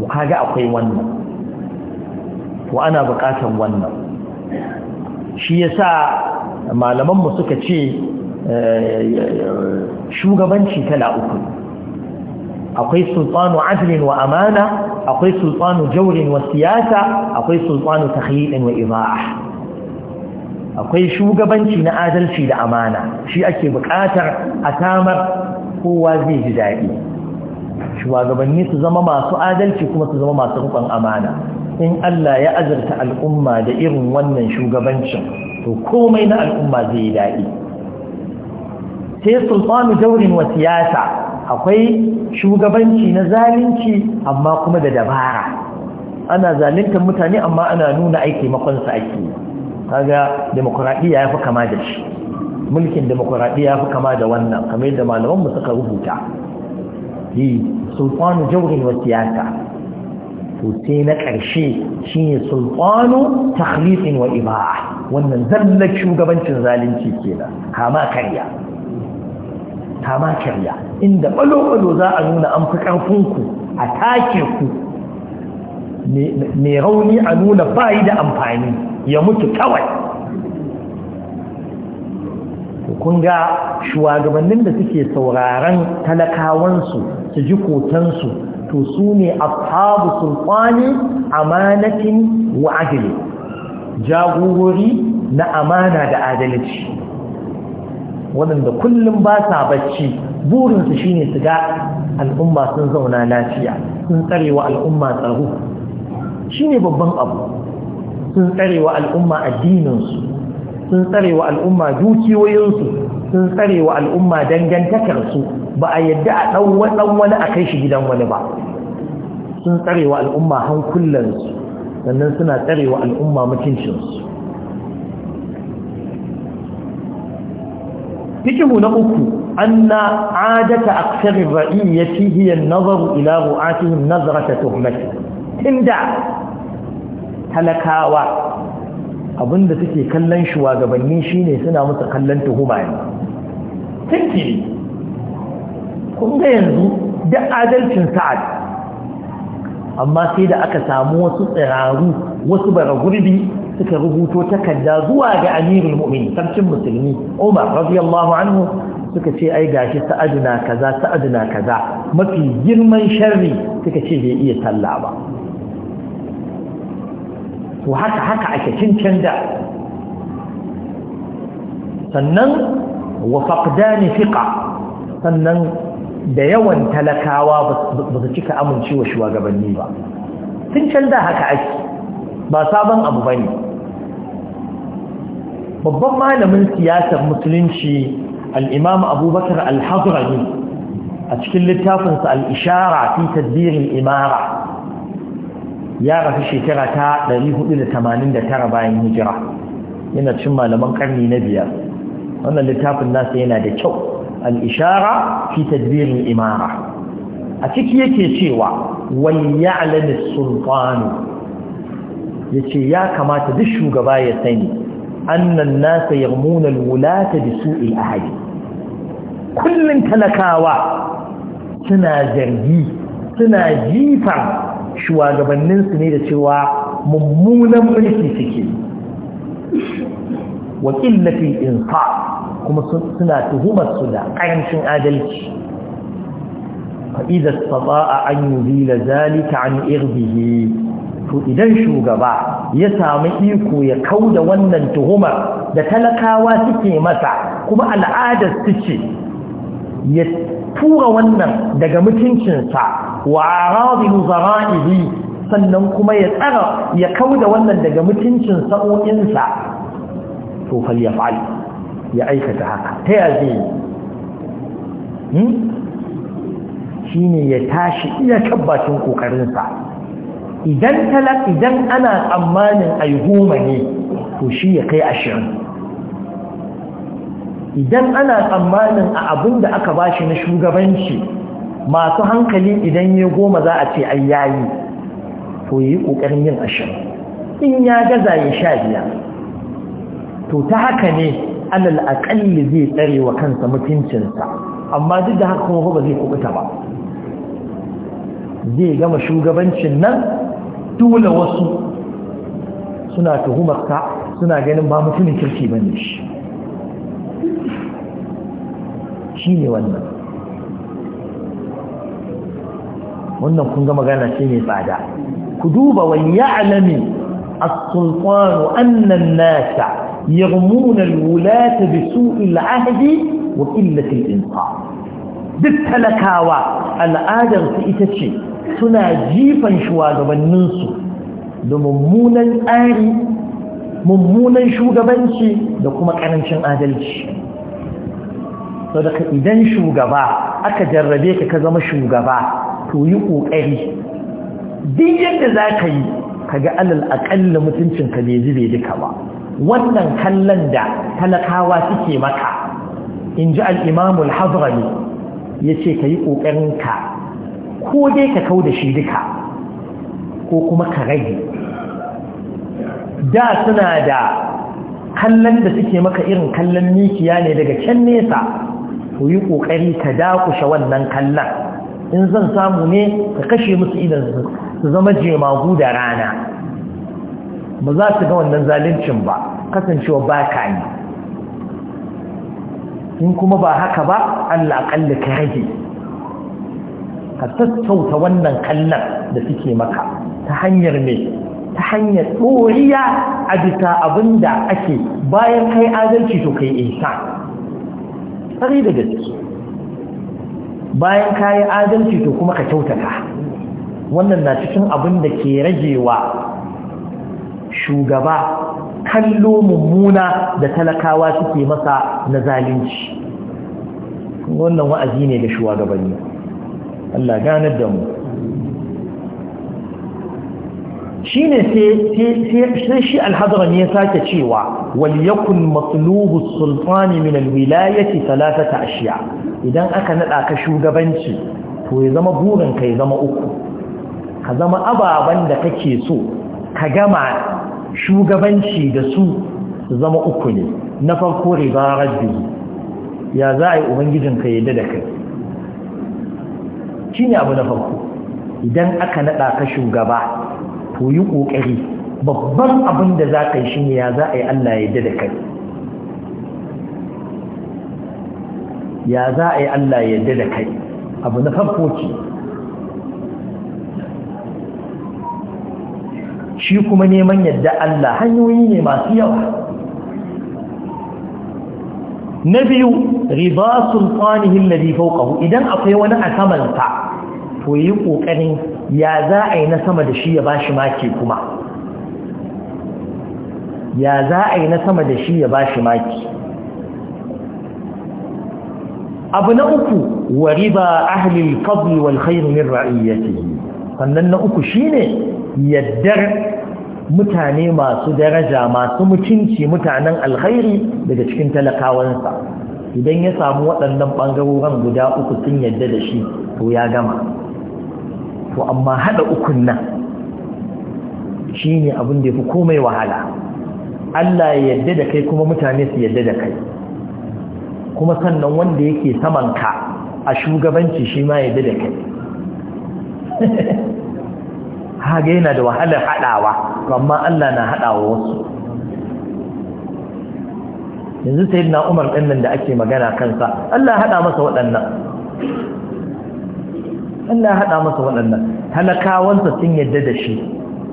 kaga akwai wannan wa ana buƙatar wannan shi yasa malaman mu suka ce eh, shugabanci kala uku akwai sultanu adlin wa amana akwai sultanu jaurin wa siyasa akwai sultanu takhyi'in wa ima'a. akwai shugabanci na adalci da amana shi ake bukatar a samar kowa zai ji daɗi shugabanni su zama masu adalci kuma su zama masu rukun amana in Allah ya azurta al'umma da irin wannan shugabancin to komai na al'umma zai yi daɗi sai sultanu daurin wa siyasa akwai shugabanci na zalunci amma kuma da dabara ana zaluntar mutane amma ana nuna aiki makonsa ake kaga demokuraɗiyya ya fi kama da shi mulkin demokuraɗiyya ya fi kama da wannan kamar yadda malamanmu suka rubuta yi sultanu daurin wa siyasa to na ƙarshe shi ne sulfano takhlifin wa iba'a wannan zallar shugabancin zalunci kenan kama karya kama karya inda ɓalo-ɓalo za a nuna an fi ƙarfinku a take ku mai rauni a nuna bayi da amfani ya mutu kawai kun ga shugabannin da suke sauraron talakawansu su ji kotansu to su ne ashabu sulfani amanatin wa adali jagorori na amana da adalci waɗanda kullum ba sa bacci burinsu shine su ga al'umma sun zauna lafiya sun tsarewa al'umma tsaro shine babban abu sun tsarewa al'umma addininsu sun tsarewa al'umma dukiyoyinsu sun tsarewa al'umma dangantakarsu ba a yadda a ɗan wani a kai shi gidan wani ba sun tsarewa al'umma hankulansu sannan suna tsarewa al'umma mutuncinsu fikihu na uku أن عادة أكثر الرئية هي النظر إلى رعاتهم نظرة تهمة talakawa, تلكاوى abinda suke kallon shugabanni shine suna musu kallon tuhuma ne kun ga yanzu da adalcin sa'ad amma sai da aka samu wasu tsiraru wasu bara gurbi suka rubuto takarda zuwa ga amirul mu'min sarkin musulmi Umar radiyallahu anhu suka ce ai gashi sa'aduna kaza sa'aduna kaza mafi girman sharri suka ce bai iya sallah ba to haka haka ake cincin da sannan wa faqdani fiqa sannan da yawan talakawa ba su cika amincewa shugabanni ba tun can haka ake ba sabon abu ba ne babban malamin siyasar musulunci al'imam abubakar al-hazrami a cikin littafinsa al'ishara fi tadbirin imara ya rafi shekara ta 489 bayan hijira yana cin malaman karni na biyar wannan littafin nasa yana da kyau al-ishara fi tadbirin imara a ciki yake cewa wal ya'lam as Ya yace ya kamata duk shugaba ya sani annan nasa yarmuna al-wulata bi su ahadi kullun talakawa suna zargi suna jifar shugabanninsu ne da cewa mummunan mulki suke wa ƙillafin insa kuma suna tuhumar su da ƙarancin adalci fa'iza saba a an yi zila zalika an irbihi to idan shugaba ya sami iko ya kau da wannan tuhumar da talakawa suke masa kuma al'adar su ce ya tura wannan daga mutuncinsa wa rabin zara'ihi sannan kuma ya tsara ya kau da wannan daga mutuncin sa'o'insa to fal ya fa'ali ya aikata haka ta ya zai yi hmm? shi ne ya tashi iya tabbacin kokarinsa idan idan ana tsammanin goma ne to shi ya kai ashirin idan ana tsammanin a abin da aka bashi na shugabanci masu hankali idan ya goma za a ce an yayi to yi ƙoƙarin yin ashirin in ya gaza ya sha biya. to ta haka ne alal aƙalli zai tsare wa kansa mutuncinsa amma duk da haka kuma ba zai kubuta ba zai gama shugabancin nan dole wasu suna tuhumarsa suna ganin ba mutumin kirki ba ne shi shi ne wannan wannan kun ga magana ce mai tsada ku duba wani ya alami a sultanu annan nasa يغمون الولاة بسوء العهد وقلة الإنصاف بالتلكاوى الآدر في إتشي سنا جيفا شواغبا ننسو لممونا آري mummunan shugabanci da kuma ƙarancin adalci sau idan shugaba aka jarrabe ka ka zama shugaba to yi ƙoƙari duk yadda za ka yi ka ga alal aƙalla mutuncinka bai zube duka ba wannan kallon da talakawa suke maka in ji al'imamul hazrami ya ce ka yi ƙoƙarinka ko dai ka kau da shi duka ko kuma ka rage da suna da kallon da suke maka irin kallon mikiya ne daga can nesa Kuyi yi ƙoƙari ka dakushe wannan kallon in zan samu ne ka kashe musu idan su zama jemagu da rana ba za su ga wannan zaluncin ba kasancewa ba ka yi in kuma ba haka ba Allah aƙalla ka rage ka tattauta wannan kallon da suke maka ta hanyar mai ta hanyar tsoriya a bisa abin da ake bayan kai adalci to kai isa tsari da gaske bayan kayi adalci to kuma ka kyautata wannan na cikin abin da ke ragewa shugaba kallo mummuna da talakawa suke masa na zalunci wannan wa'azi ne da shugabanni Allah ganar da mu shi ne sai shi alhazram ya sake cewa waliyakun matsulubu sultani min alwilayati talatata ashiya idan aka nada ka shugabanci to ya zama burin ka ya zama uku ka zama ababen da kake so ka gama shugabanci da su zama uku ne na farko riba rabbi ya za a yi ubangijin ka yadda da kai ne abu na farko idan aka nada ka shugaba to yi kokari babban abin da za ka yi shine ya za a yi Allah ya yadda da kai ya za a yi Allah ya yadda da kai abu na farko ce shi kuma neman yadda Allah hanyoyi ne masu yawa na biyu riba sultanihin ladhi fawqahu idan akwai wani a samansa to yi kokarin ya za a yi na sama da shi ya bashi maki kuma ya za a yi na sama da shi ya bashi maki abu na uku wa riba ahlil fadli wal khair min ra'iyatihi sannan na uku shine yaddar mutane masu daraja masu mutunci mutanen alkhairi daga cikin talakawansa idan ya samu waɗannan ɓangarorin guda uku sun yadda da shi to ya gama to amma haɗa ukun nan shi ne abin da ya fi komai wahala Allah ya yadda da kai kuma mutane su yadda da kai kuma sannan wanda yake saman ka a shugabanci shi ma yadda da kai haga yana da wahalar haɗawa amma Allah na haɗawa wasu yanzu sai na umar ɗinnan da ake magana kansa Allah haɗa masa waɗannan Allah haɗa masa waɗannan talakawansa sun yadda da shi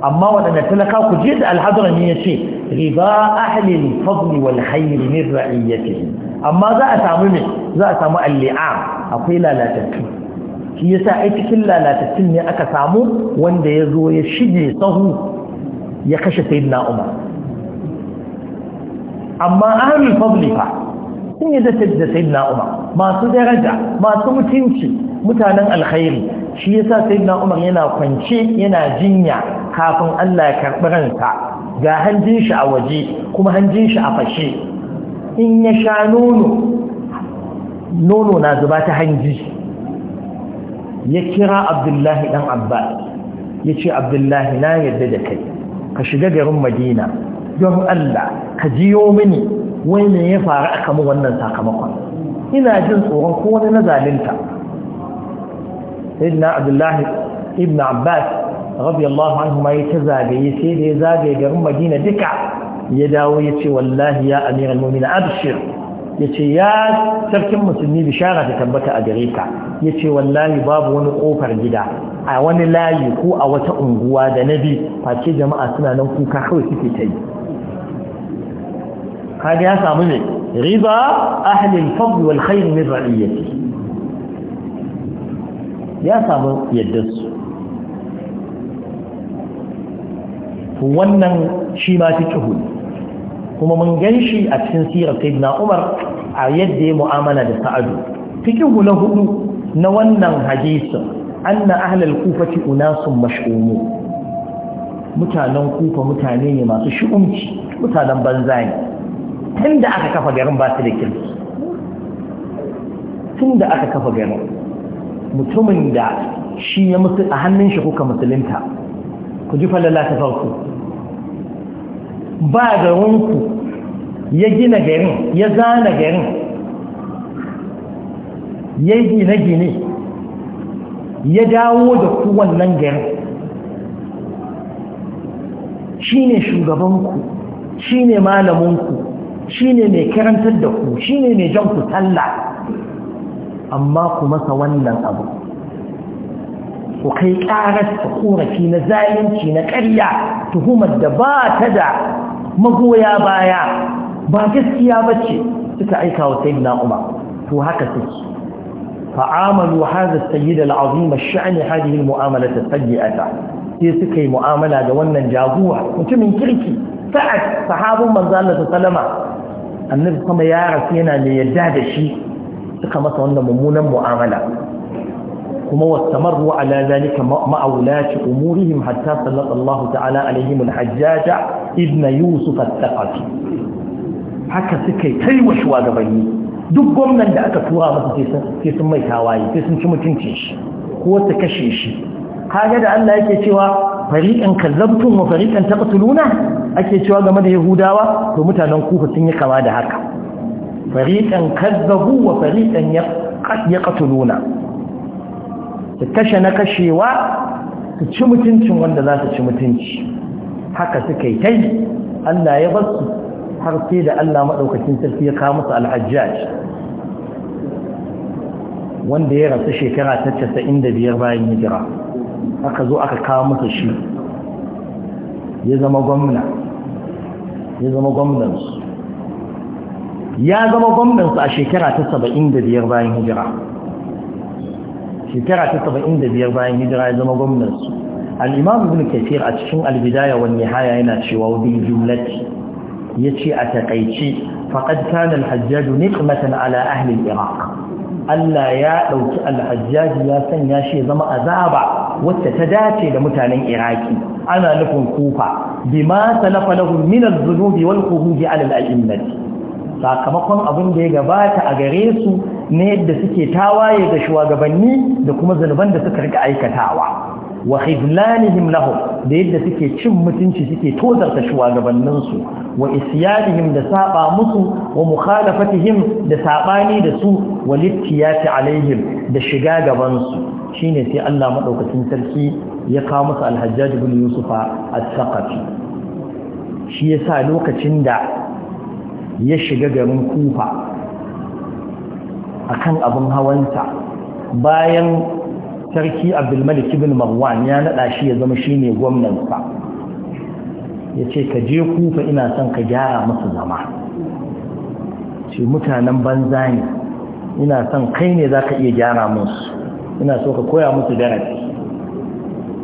amma waɗanda talaka ku je da alhazran ya ce riba ahalin fadli wal min amma za a samu alli'a za a samu akwai lalatattu shi yasa ai cikin lalatattun ne aka samu wanda ya zo ya shige sahu ya kashe sayyidina umar amma ahlul fadli fa sun yi da sayyidina umar masu daraja masu mutunci mutanen alkhairi shi yasa sayyidina umar yana kwance yana jinya kafin Allah ya karbi ransa ga hanjin shi a waje kuma hanjin shi a fashe in ya sha nono nono na zuba ta hanji ya kira abdullahi ɗan Abba ya ce abdullahi na yadda da kai ka shiga garin madina don allah ka jiyo mini wani ya faru aka mu wannan sakamakon ina jin tsoron kowane na zalinta sayyidina abdullahi ibn abbas radiyallahu anhu ma ya ta zagaye sai da ya zagaye garin madina duka ya dawo ya ce wallahi ya amiral mu'minin abshir ya ce ya sarkin musulmi bishara ta tabbata a gare ka ya ce wallahi babu wani kofar gida a wani layi ko a wata unguwa da na bi face jama'a suna nan kuka kawai suke ta yi kaga ya samu ne riba ahlil fadl wal khair min ra'iyati ya samu yadda su wannan shi ma fiqhu ne kuma mun gan shi a cikin sirar sayyidina umar a yadda ya mu'amala da sa'adu fikihu na hudu na wannan hadisin anna ahlal kufati unasun mash'umu mutanen kufa mutane ne masu shi'umci mutanen banza ne da aka kafa garin ba su da kirki tunda aka kafa garin mutumin da shi ya musu a hannun shi kuka musulunta ku ji falala ta farko ba garinku ya gina garin ya zana garin ya gine-gine ya dawo da kuwan nan garin shi ne shugabanku shi ne malamunku shi ne mai karantar da ku shi ne mai jan ku talla amma ku masa wannan abu ku kai ƙarar ƙorafi na zalunci na ƙarya tuhumar da ba ta da magoya baya ba gaskiya ba ce suka aika wa sayyidina umar to haka suke فعاملوا هذا السيد العظيم الشأن هذه المعاملة السيئة sai suka yi mu'amala da wannan jaguwa mutumin kirki sa'ad sahabin manzo Allah sallama annabi kuma ya rasu yana mai yadda da shi suka masa wannan mummunan mu'amala kuma wastamarru ala zalika ma'aulaci umurihim hatta sallallahu ta'ala alaihim al-hajjaja ibn yusuf al-thaqafi haka suka yi taiwa shugabanni duk gwamnan da aka tura masa sai sun mai tawaye sai sun ci mutuncin shi ko su kashe shi kaga da Allah yake cewa fariqan kazzabtum wa fariqan taqtuluna ake cewa game da yahudawa to mutanen kufa sun yi kama da haka fariqan kazzabu wa fariqan yaqtuluna su kashe na kashewa su ci mutuncin wanda za su ci mutunci haka suka yi tai Allah ya bar har sai da Allah maɗaukacin sarki ya kawo musu al-hajjaj wanda ya rasu shekara ta 95 bayan hijira aka zo aka kawo musu shi ya zama gwamna ya zama gwamnan ya zama gwamnan a shekara ta 75 bayan hijira shekara ta 75 bayan hijira ya zama al-imam ibn kathir a cikin albida ya wan haya yana cewa wa jumlat ya ce a takaici faqad kana al-hajjaj ala ahlin iraq Allah ya ɗauki al ya sanya shi zama azaba wacce ta dace da mutanen iraki ana nufin kufa bima salafa lahum min adh-dhunubi wal khuruj ala al-a'immati sakamakon abin da ya gabata a gare su ne yadda suke tawaye ga shugabanni da kuma zunuban da suka rika aikatawa wa khizlanihim lahum da yadda suke cin mutunci suke tozarta shugabannin su wa isyanihim da saba musu wa mukhalafatihim da sabani da su wa littiyati alaihim da shiga gaban su shine sai Allah madaukakin sarki ya kawo musu al-Hajjaj ibn Yusuf al-Thaqafi shi yasa lokacin da ya shiga garin Kufa akan abin hawansa bayan sarki abdulmalik ibn marwan ya naɗa shi ya zama shi ne gwamnansa ya ce ka je kufa ina son ka gyara musu zama ce mutanen banza ne ina son kai ne zaka iya gyara musu ina so ka koya musu darasi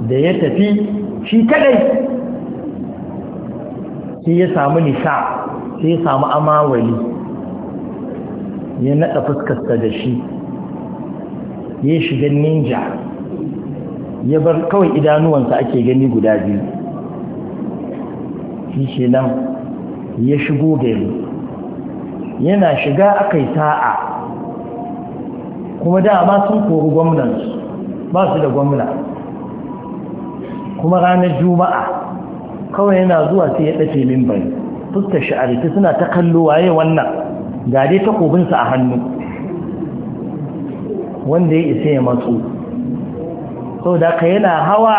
da ya tafi shi kadai sai ya samu nisa sai ya samu amawali ya naɗa fuskarsa da shi ya shiga ninja ya bar kawai idanuwansa ake gani guda biyu shi ce nan ya shigo gari yana shiga aka yi sa'a kuma dama sun kori gwamnansu ba su da gwamna kuma ranar juma'a kawai yana zuwa sai ya ɗace min fuskar sha'arita suna ta kallo waye wannan gare dai takobinsa a hannu wanda ya isa ya matsu sau da ka yana hawa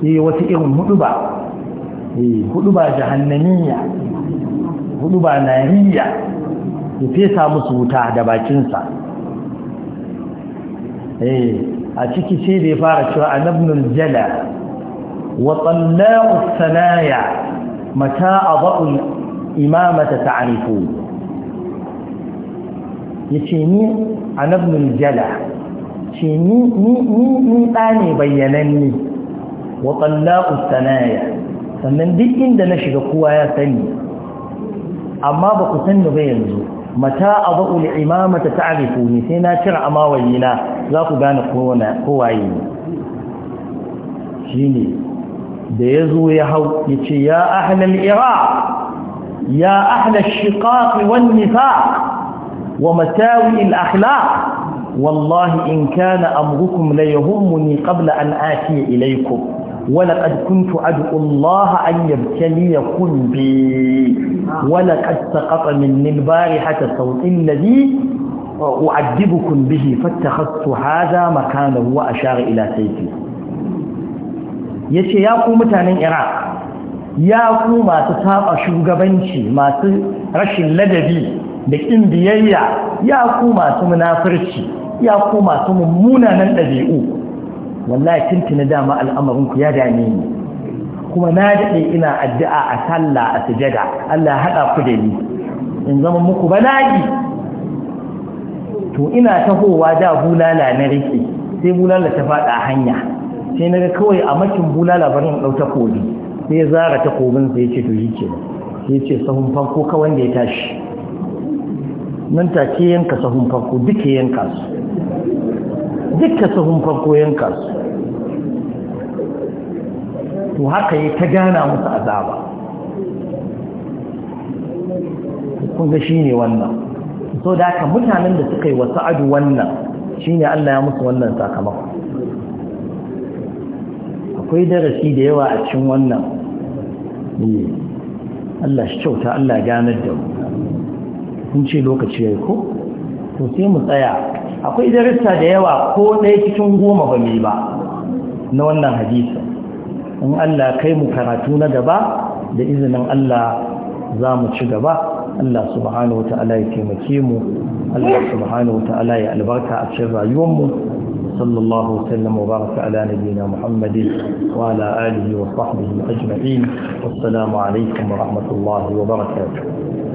yi eh, wata irin hudu ba eh, hudu ba jahannaniya, hudu ba nariya ya fesa musu wuta da bakinsa eh, a ciki ce da ya fara cewa a nabnul jala wa tsalla'u sanaya mata a ba'ul imamata ta'arifu ya ce ni a nabnul jala ce ni ɗa ne bayyananni wa sanaya sannan duk inda na shiga kowa ya sani amma ba ku sani ba yanzu mata a ba'ul imamata ta arifu ne sai na cire amawayi na za ku gane kowaye ne shi ne da ya zo ya hau ya ce ya ahlal iraq ya ahlal shiqaq wan nifaq ومساوئ الأخلاق والله إن كان أمركم ليهمني قبل أن آتي إليكم ولقد كنت أدعو الله أن يبتليكم بي ولقد سقط مني البارحة الصوت الذي أعذبكم به فاتخذت هذا مكانه وأشار إلى سيفي yace ya ku mutanen Iraq ya ku masu saba shugabanci masu rashin ladabi da ƙin biyayya ya ku masu munafurci ya ku masu mummunanan ɗabi'u wallahi na dama al'amarinku ya dame ni kuma na daɗe ina addu'a a sallah a sujada Allah ya haɗa ku da ni in zama muku balagi to ina tahowa da bulala na rike sai bulala ta faɗa hanya sai na ga kawai a makin bulala bari in ɗau sai ya zara takobin sai ya ce to yi ke sai ya ce sahun farko ka wanda ya tashi nan take yanka sahun farko duka yanka su duka sahun farko yanka su to haka yi ta gana musu azaba kun ga shi ne wannan so da haka mutanen da suka yi wasu adu wannan shi ne Allah ya musu wannan sakamako akwai darasi da yawa a cikin wannan eh, Allah shi kyauta Allah ganar da mu kun ce lokaci ya ko to sai mu tsaya akwai darussa da yawa ko ɗaya cikin goma ba mai ba na wannan hadisa. in Allah kai mu karatu na gaba da izinin Allah za mu ci gaba Allah subhanahu wa ta'ala ya taimake mu Allah subhanahu wa ta'ala ya albarka a cikin rayuwarmu sallallahu wasallam wa baraka ala nabiyyina muhammadin, wa ala alihi wa sahbihi ajma'in wassalamu alaikum wa rahmatullahi wa barakatuh